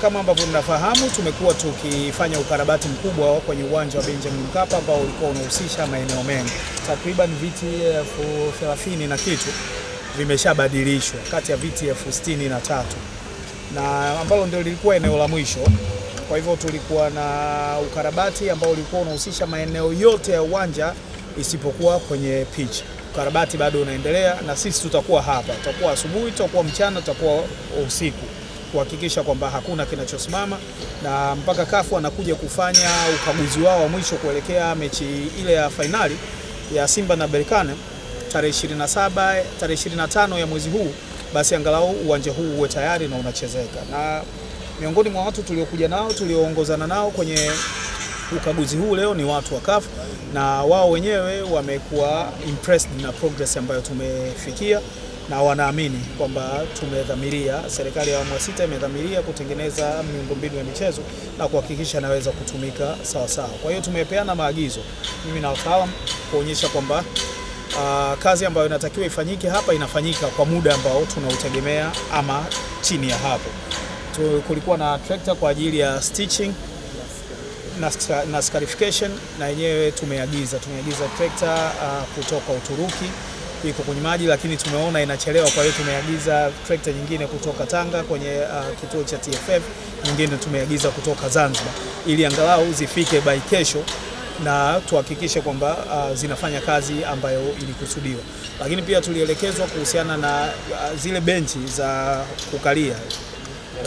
Kama ambavyo mnafahamu, tumekuwa tukifanya ukarabati mkubwa kwenye uwanja wa Benjamin Mkapa ambao ulikuwa unahusisha maeneo mengi. Takriban viti elfu thelathini na kitu vimeshabadilishwa kati ya viti elfu sitini na tatu na ambalo ndio lilikuwa eneo la mwisho. Kwa hivyo tulikuwa na ukarabati ambao ulikuwa unahusisha maeneo yote ya uwanja isipokuwa kwenye pitch. Ukarabati bado unaendelea, na sisi tutakuwa hapa, tutakuwa asubuhi, tutakuwa mchana, tutakuwa usiku kuhakikisha kwamba hakuna kinachosimama, na mpaka kafu anakuja kufanya ukaguzi wao wa mwisho kuelekea mechi ile ya fainali ya Simba na Berkane tarehe 27 tarehe 25 ya mwezi huu, basi angalau uwanja huu uwe tayari na unachezeka. Na miongoni mwa watu tuliokuja nao tulioongozana nao kwenye ukaguzi huu leo ni watu wa CAF na wao wenyewe wamekuwa impressed na progress ambayo tumefikia na wanaamini kwamba tumedhamiria, serikali ya awamu ya sita imedhamiria kutengeneza miundombinu ya michezo na kuhakikisha inaweza kutumika sawa sawa. Kwa hiyo tumepeana maagizo mimi na wataalam kuonyesha kwamba Uh, kazi ambayo inatakiwa ifanyike hapa inafanyika kwa muda ambao tunautegemea ama chini ya hapo. Tu, kulikuwa na trekta kwa ajili ya stitching na, na scarification na yenyewe tumeagiza tumeagiza trekta uh, kutoka Uturuki iko kwenye maji, lakini tumeona inachelewa. Kwa hiyo tumeagiza trekta nyingine kutoka Tanga kwenye uh, kituo cha TFF, nyingine tumeagiza kutoka Zanzibar ili angalau zifike by kesho na tuhakikishe kwamba uh, zinafanya kazi ambayo ilikusudiwa. Lakini pia tulielekezwa kuhusiana na uh, zile benchi za kukalia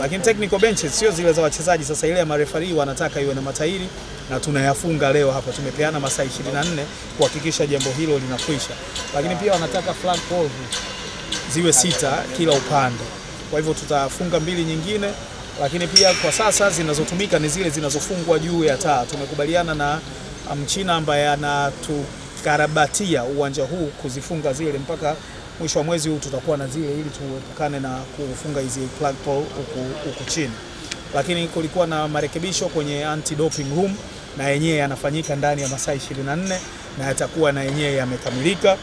lakini technical benches sio zile za wachezaji. Sasa ile ya marefari wanataka iwe na matairi na tunayafunga leo hapa. Tumepeana masaa 24 kuhakikisha jambo hilo linakwisha, lakini pia wanataka flag pole ziwe sita kila upande, kwa hivyo tutafunga mbili nyingine lakini pia kwa sasa zinazotumika ni zile zinazofungwa juu ya taa. Tumekubaliana na Mchina um, ambaye anatukarabatia uwanja huu kuzifunga zile mpaka mwisho wa mwezi huu tutakuwa na zile, ili tuepukane na kufunga hizi plug pole huku chini. Lakini kulikuwa na marekebisho kwenye anti doping room, na yenyewe yanafanyika ndani ya masaa 24 na yatakuwa na yenyewe yamekamilika.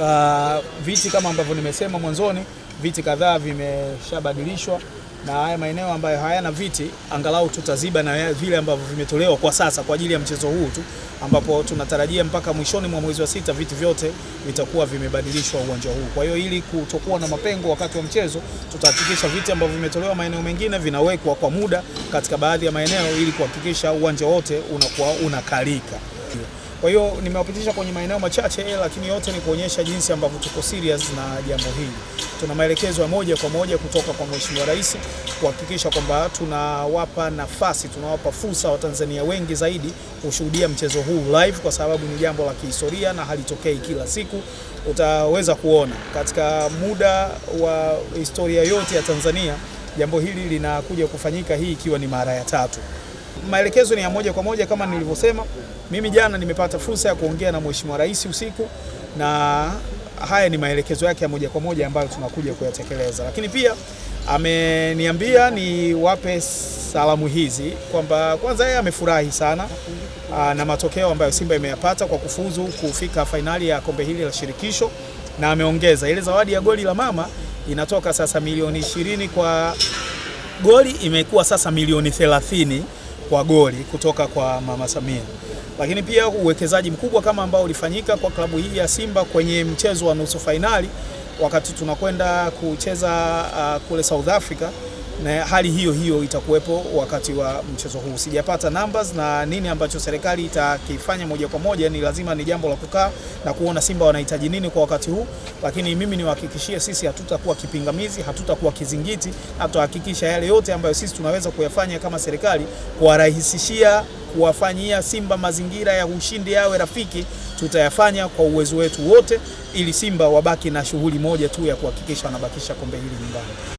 Uh, viti kama ambavyo nimesema mwanzoni, viti kadhaa vimeshabadilishwa na haya maeneo ambayo hayana viti angalau tutaziba na vile ambavyo vimetolewa kwa sasa kwa ajili ya mchezo huu tu, ambapo tunatarajia mpaka mwishoni mwa mwezi wa sita viti vyote vitakuwa vimebadilishwa uwanja huu. Kwa hiyo ili kutokuwa na mapengo wakati wa mchezo, tutahakikisha viti ambavyo vimetolewa maeneo mengine vinawekwa kwa muda katika baadhi ya maeneo ili kuhakikisha uwanja wote unakuwa unakalika. Kwa hiyo nimewapitisha kwenye maeneo machache, lakini yote ni kuonyesha jinsi ambavyo tuko serious na jambo hili tuna maelekezo ya moja kwa moja kutoka kwa Mheshimiwa Rais kuhakikisha kwamba tunawapa nafasi, tunawapa fursa Watanzania wengi zaidi kushuhudia mchezo huu live, kwa sababu ni jambo la kihistoria na halitokei kila siku. Utaweza kuona katika muda wa historia yote ya Tanzania jambo hili linakuja kufanyika, hii ikiwa ni mara ya tatu. Maelekezo ni ya moja kwa moja kama nilivyosema. Mimi jana nimepata fursa ya kuongea na Mheshimiwa Rais usiku na haya ni maelekezo yake ya moja kwa moja ambayo tunakuja kuyatekeleza, lakini pia ameniambia niwape salamu hizi kwamba kwanza yeye amefurahi sana aa, ah, na matokeo ambayo Simba imeyapata kwa kufuzu kufika fainali ya kombe hili la shirikisho, na ameongeza ile zawadi ya goli la mama inatoka sasa milioni ishirini kwa goli imekuwa sasa milioni thelathini kwa goli kutoka kwa Mama Samia lakini pia uwekezaji mkubwa kama ambao ulifanyika kwa klabu hii ya Simba kwenye mchezo wa nusu fainali wakati tunakwenda kucheza uh, kule South Africa, na hali hiyo hiyo itakuwepo wakati wa mchezo huu. Sijapata numbers na nini ambacho serikali itakifanya moja kwa moja, ni lazima ni jambo la kukaa na kuona Simba wanahitaji nini kwa wakati huu, lakini mimi niwahakikishie, sisi hatutakuwa kipingamizi, hatutakuwa kizingiti, na tutahakikisha yale yote ambayo sisi tunaweza kuyafanya kama serikali kuwarahisishia kuwafanyia Simba mazingira ya ushindi yawe rafiki, tutayafanya kwa uwezo wetu wote, ili Simba wabaki na shughuli moja tu ya kuhakikisha wanabakisha kombe hili nyumbani.